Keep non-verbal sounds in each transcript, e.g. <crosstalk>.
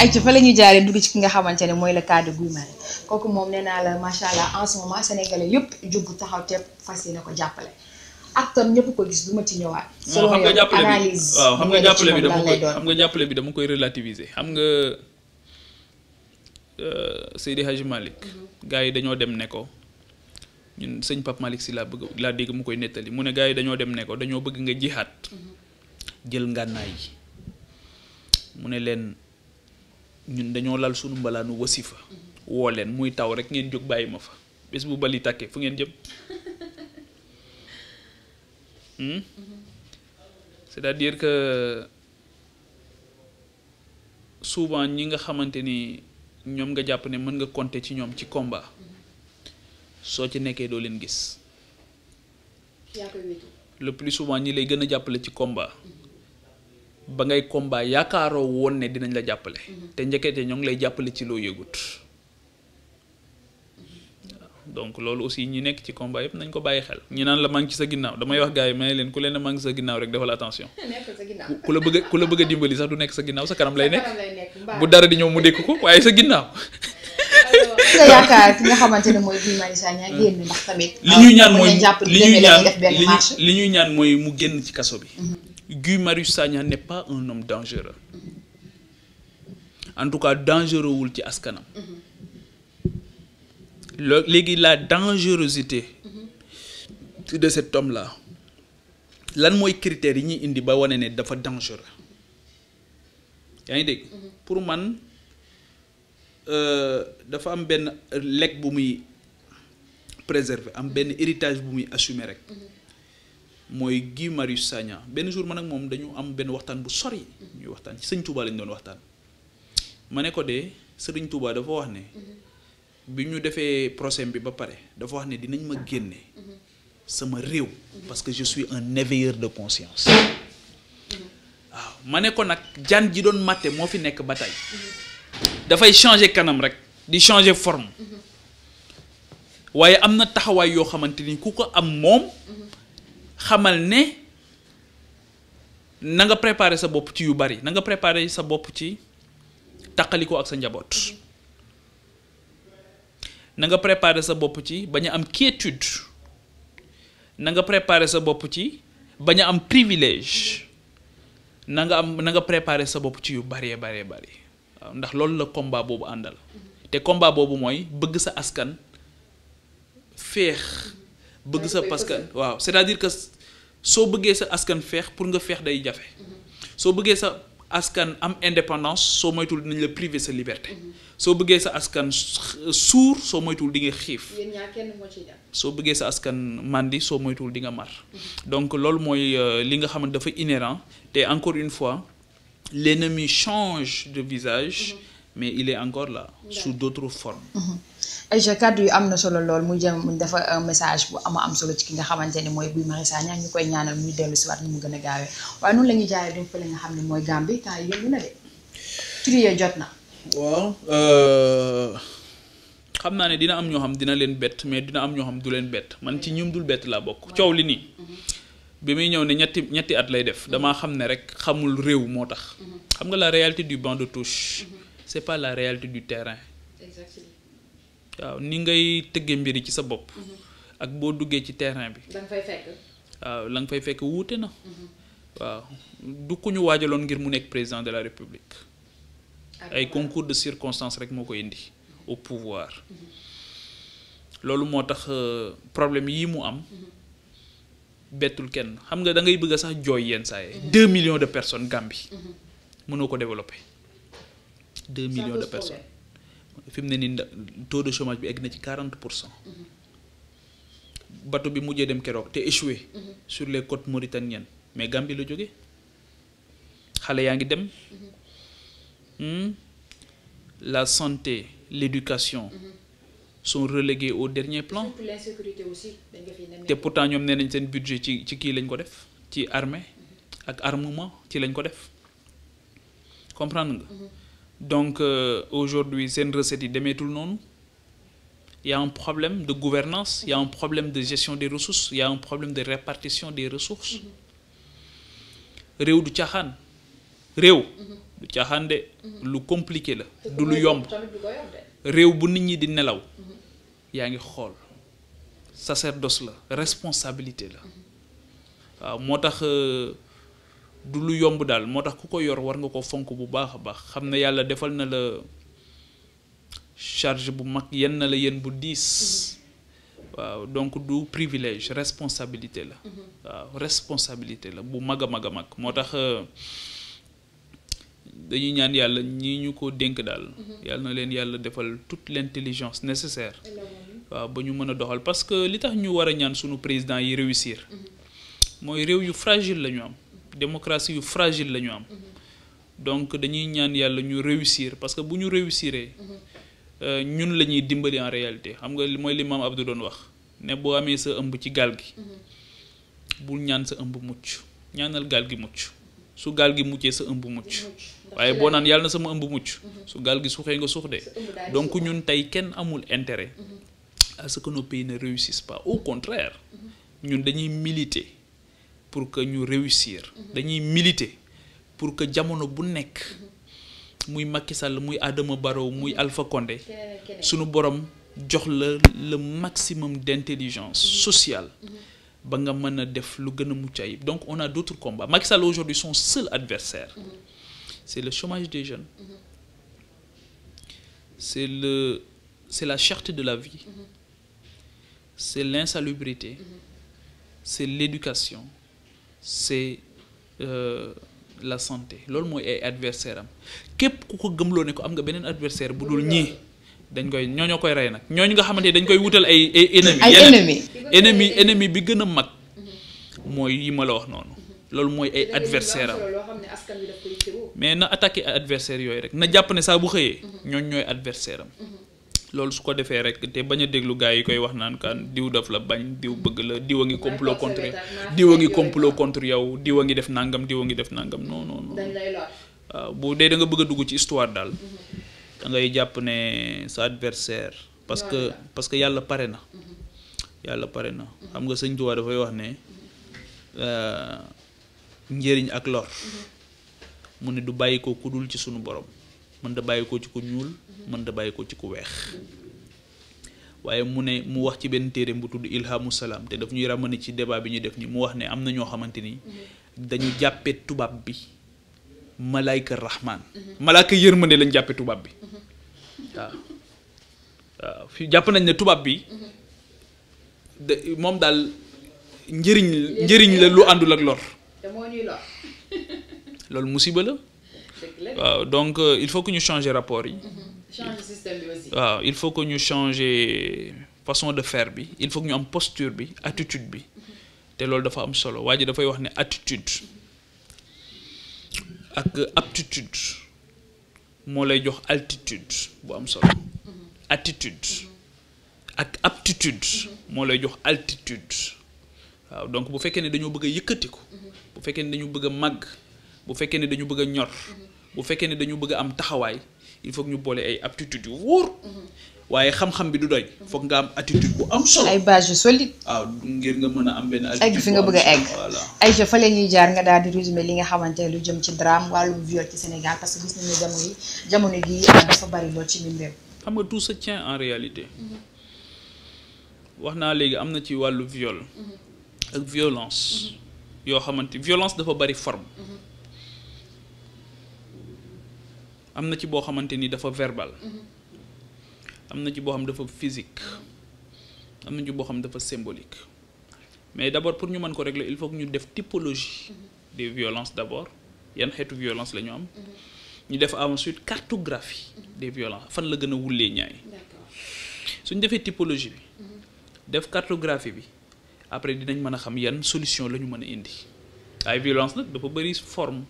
ay ci fa la ñuy jaaree dugg ci ki nga xamante ne mooy le cas Guy Marius kooku moom nee la macha allah en ce moment sénégalais yëpp jug taxaw tepp fas yéene ko jàppale. ak tam ñëpp ko gis du ma ci ñëwaat. selon xam nga jàppale bi dama koy xam nga jàppale bi dama koy relativiser xam nga euh, Seydi Hadji Malick. Mhm. gars yi dañoo dem ne ko ñun sëñ Pape Malick si laa bëgg laa dégg mu koy nettali mu ne gaa yi dañoo dem ne ko dañoo bëgg nga jihaat mhm. jël nga yi mu ne leen. ñun dañoo lal sunu mbalaanu wasifa woo leen muy taw rek ngeen jóg bàyyi ma fa bés bu bali tàkkee fu ngeen jëm hmm? c'est-à-dire que souvent ñi nga xamante ni ñoom nga jàpp ne mën nga compter ci ñoom ci komba soo ci nekkee doo leen gis le plus souvent ñi lay gën a jàppale ci komba hmm. ba ngay combat yaakaaroo woon ne dinañ la jàppale. Mhm. te njëkkete ñoo ngi lay jàppale ci loo yëgut. donc loolu aussi ñi nekk ci combat yëpp nañ ko bàyyi xel ñi naan la maa ci sa ginnaaw damay wax gaa yi may leen ku leen maa ngi sa ginnaaw rek defal attention <laughs> ku la bëgg ku la bëgg a dimbali sax du nekk sa ginnaaw sa kanam lay nekk bu dara di ñëw mu dékk ko waaye sa ginnaaw nga <laughs> yaakaar ki nga hmm. li ñuy ah, ñaan mooy li ñuy ñaan li ñuy ñaan mooy mu génn ci kaso bi mhm. Guy Marius n'est pas un homme dangereux en tout cas dangereux wul ci askanam la dangerosité de cet homme là lan mooy critères qui ñuy indi ba dangereux pour man euh, dafa am benn lekk bu muy préserver am héritage bu muy moy gi Marius Sagna ben jour man ak mom dañu am ben waxtan bu sori ñu waxtan ci sëñ Touba lañ doon waxtan mané ko de seigne Touba dafa wax né mhm. bi ñu procès bi ba pare dafa wax ne dinañ ma génne mhm. sama réew mhm. parce que je suis un éveilleur de conscience ah mané ko nak jaan ji doon maté mo fi nek da fay changer kanam rek di changer forme waye amna taxaway yo xamanteni kuko ni ku ko am mom xamal ne na nga préparer sa bop ci yu bari na nga préparer sa bop ci takaliko ak sa njabot na nga préparer sa bop ci baña am quiétude na nga préparer sa bop ci baña am privilège na nga am na nga préparer sa bop ci yu bari bari bari ndax lolou la combat bobu andal te combat bobu moy bëgg sa askan féex bëgg sa parce que waaw c'est-à-dire que soo bëggee sa askan feex pour nga feex day jafe soo bëggee sa askan am indépendance soo moytul dinañ la priver sa liberté soo bëggee sa askan suur soo moytul di nga xiif soo bëggee sa askan mandi soo moytul di nga mar donc loolu mooy euh, li nga xamante dafa inhérent te encore une fois l'ennemi change de visage mm-hmm. mais il est encore là sous d'autres formes mm-hmm. Aïcha kaddu yu am na solo lool muy jëm mu dafa euh, message bu ama am solo ci ki nga xamante ni mooy Guy Marius Sagna ñu koy ñaanal muy dellu si waat ni mu gën a gaawee waaye noonu la ñuy jaayee donc fële nga xam ne mooy Gambie temps yi yëngu na de ci jot na. waaw euh, xam naa ne dina am ñoo xam dina leen bett mais dina am ñoo xam du leen bett man ci ñum dul bett laa bokk coow li nii. Mhm. bi muy ñëw ne ñetti ñetti at lay def dama xam ne rek xamul réew moo tax. Mhm. xam nga la réalité du banc de touche. Mhm. c'est la réalité du terrain. waaw ni ngay tëggee mbir yi ci sa bopp. Mhm. ak boo duggee ci terrain bi. la waaw la nga fay fekk wuute na. Mhm. waaw du ku ñu waajaloon ngir mu nekk président de la république. ay concours de circonstances rek moo ko indi. au pouvoir. Mhm. loolu moo tax euh, problème yi mu am. bettul kenn xam nga dangay bëgg sax jooy yenn saa deux millions de personnes Gambie. mënoo ko développer. deux millions de personnes. le taux de chômage bi de 40 pour bateau bi mujjé dem kérok té échoué sur les côtes mauritaniennes mais Gambie la jogué. Xalé yaa ngi dem hmm? la santé l'éducation sont relégués au dernier plan Et pourtant l'insécurité aussi nañ budget ci ci qui lañ ko def armement ci lañ ko def comprendre nga mhm donc euh, aujourd'hui c'est une recette de non, il y a un problème de gouvernance il y a un problème de gestion des ressources il y a un problème de répartition des ressources réew du Tchahan, réew du Tchahan de lu compliqué la du lu yomb réew bu nit ñi di nelaw C'est ngi xool sacerdoce la responsabilité la du lu yomb dal motax tax ko yor war nga ko fonk bu baax a baax xam ne defal na la charge bu mag yenn na la yéen bu 10 mm-hmm. waaw donc du privilège responsabilité la mm-hmm. waaw responsabilité la bu maga maga mak motax mag euh, dañuy ñaan yalla ñi ñu ko dénk daal mm-hmm. yàlla na leen yalla defal toute l'intelligence nécessaire waaw ba ñu mën doxal parce que li tax ñu wara ñaan suñu président yi réussir moy réew yu fragile la ñu am démocratie yu fragile la ñu am donc dañuy ñaan yàlla ñu réussir parce que bu ñu réussiree euh, ñun la ñuy dimbali en réalité xam nga mooy li maam Abdou doon wax ne boo amee sa ëmb ci gal gi bul ñaan sa ëmb mucc ñaanal gal gi mucc su gal gi muccee sa ëmb mucc waaye boo naan yàlla na sama ëmb mucc mhm. su gal gi suuxee nga suux de donc ñun tey kenn amul intérêt mhm. à ce que nos pays ne réussissent pas au contraire mhm. ñun dañuy militer pour que nous réussir dañuy militer pour que jamono bu nekk muy Macky Sall muy Adama Barrow muy Alpha Condé nous borom jox le maximum d'intelligence sociale ba nga mëna def donc on a d'autres combats Macky Sall aujourd'hui son seul adversaire c'est le chômage des jeunes c'est le c'est la charte de la vie c'est l'insalubrité c'est l'éducation c'est euh, la santé loolu mooy ay adversaire am képp ku ko gëmloo ne ko am nga beneen adversaire bu dul ñii dañ koy ñooñoo koy rey nag ñooñu nga xamante ne dañ koy wutal ay ay ennemis ay bi gën a mag mooy yi ma la wax noonu loolu mooy ay adversaire am mais na attaqué adversaire yooyu rek na jàpp ne saa bu xëyee ñooñ ñooy adversaire am loolu su ko defee rek te bañ a déglu gars yi koy wax naan kan diw daf la bañ diw bëgg la diw a ngi complot contre diw a ngi complot yow diw a ngi def nangam diw a ngi def nangam non non waaw bu dee da nga bëgg a dugg ci histoire daal mhm. da ngay jàpp ne sa adversaire parce que parce que yàlla pare na mhm. yàlla pare na mhm. xam nga sëñ Tuubaa dafay wax ne euh, njëriñ ak lor mu ne du bàyyi ko ku dul ci sunu borom mën da bàyyi ko ci ku ñuul mën da bàyyi ko ci ku weex waaye mu ne mu wax ci benn téere bu tudd ilhamu salaam te daf ñuy ramani ci débat bi ñuy def ni mu wax ne am na ñoo xamante ni dañu jàppe tubaab bi malaayka rahmaan malaayka yërmande lañ jàppe tubaab bi waaw jàpp nañ ne tubaab bi moom daal njëriñ njëriñ la lu àndul ak lor loolu musiba la waaw donc euh, il faut que ñu changer rapport yi. Mhm. changer système bi aussi. waaw il faut que ñu changer façon de faire bi il faut que ñu am posture bi attitude bi mhm. te loolu dafa am solo waa ji dafay wax ne attitude ak aptitude moo lay jox altitude bu am solo. Mhm. attitude ak aptitude moo lay jox altitude waaw donc bu fekkee ne dañoo bëgg a yëkkati ko bu fekkee ne dañu bëgg a mag. bu fekkee ne dañu bëgg a ñor. bu fekkee ne dañu bëgg am taxawaay il faut ñu boole ay aptitudes yu waaye xam-xam bi du doy. foog nga am attitude bu am solo. ay base yu solide. waaw ah, ngir nga mën a am benn. egg fi nga bëgg a egg Aïcha fa leen ñuy jaar nga daal di résumé li nga xamante lu jëm ci drame wàllum viol ci Sénégal parce que gis jamono yi jamono gi ah, dafa bari lool ci mbir xam nga tout se tient en réalité. Mm-hmm. wax naa léegi am na ci wàllu viol. Mm-hmm. ak violence. Mm-hmm. yoo xamante violence dafa bari forme. amna ci bo xamanteni dafa verbal mhm. amna ci bo xam dafa physique amna ci bo xam dafa symbolique mais d'abord pour ñu mën ko régler il faut que ñu def typologie mhm. des violences d'abord abord yan xeetu violence la ñu am mhm. ñu def ensuite cartographie des violences fan la gëna wulé wulee ñaay suñu defee typologie bi def cartographie bi après dinañ mën a xam yan solution la ñu mën a indi ay violence nak dafa bari forme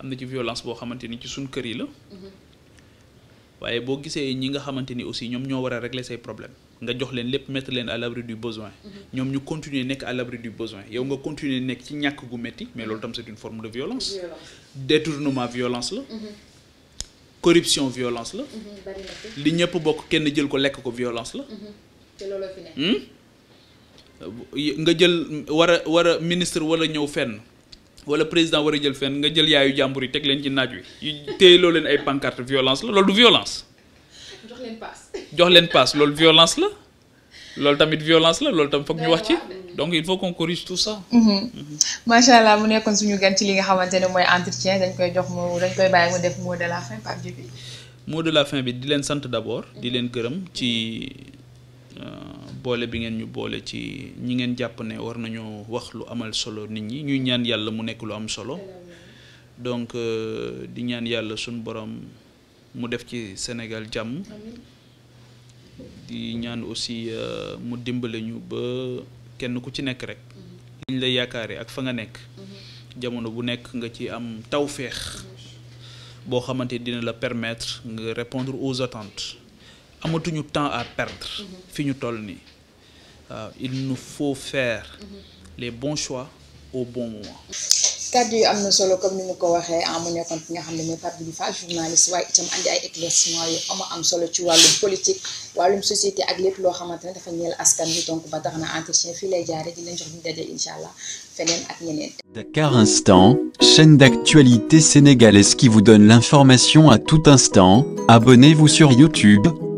amna ci violence boo xamante ni ci sun kër yi la waaye boo gisee ñi nga xamante ni aussi ñoom ñoo war a régler say problème nga jox leen lépp mettre leen à l'abri du besoin ñoom ñu continuer nekk à l'abri du besoin yow nga continuer nekk ci ñàkk gu metti mais loolu tam c'est une forme de violence détournement violence la mhm. corruption violence la mhm, li ñëpp bokk kenn jël ko lekk ko violence la mhm. hmm? nga jël war a war a ministre wala ñëw fenn wala président war jël fenn nga jël yaayu jàmbur yi teg leen ci naaj wi yu téyeloo leen ay pancarte violence la loolu du violence. jox leen passe. jox leen passe loolu violence la loolu tamit violence la loolu tam foog ñu wax ci. donc il faut qu'on corrige tout ça. Mm-hmm. Mm-hmm. macha allah mu nekkoon suñu gan ci li nga xamante ne mooy entretien dañ koy jox mu dañ koy bàyyi mu def mot de la fin Pape Djibi. mot de la fin bi di leen sant d'abord. di leen gërëm ci. Euh, boole bi ngeen ñu boole ci ñi ngeen jàpp ne war nañoo wax lu amal solo nit ñi ñuy ñaan yàlla mu nekk lu am solo donc euh, di ñaan yàlla suñ borom mu def ci Sénégal jàmm di ñaan aussi euh, mu dimbale ñu ba kenn ku ci nekk rek liñ la yaakaare ak fa nga nekk jamono bu nekk nga ci am tawféex boo xamante dina la permettre nga répondre aux attentes amatuñu temps à perdre fi ñu toll nii euh, il nous faut faire les bons choix au bon moment kàddu amna solo comme ni mu ko waxee ah mu nekkoon fi nga xam ne mooy Pape Djibril journaliste way itam andi ay éclaircissement yu ama am solo ci wàllum politique wàllum société ak lépp lo xamante dafa ñeel askan bi donc ba taxna na entretien fi lay jaare di leen jox ñu daje inshallah allah feneen ak ñeneen. Dakar Instant chaîne d'actualité sénégalaise qui vous donne l'information à tout instant abonnez-vous sur YouTube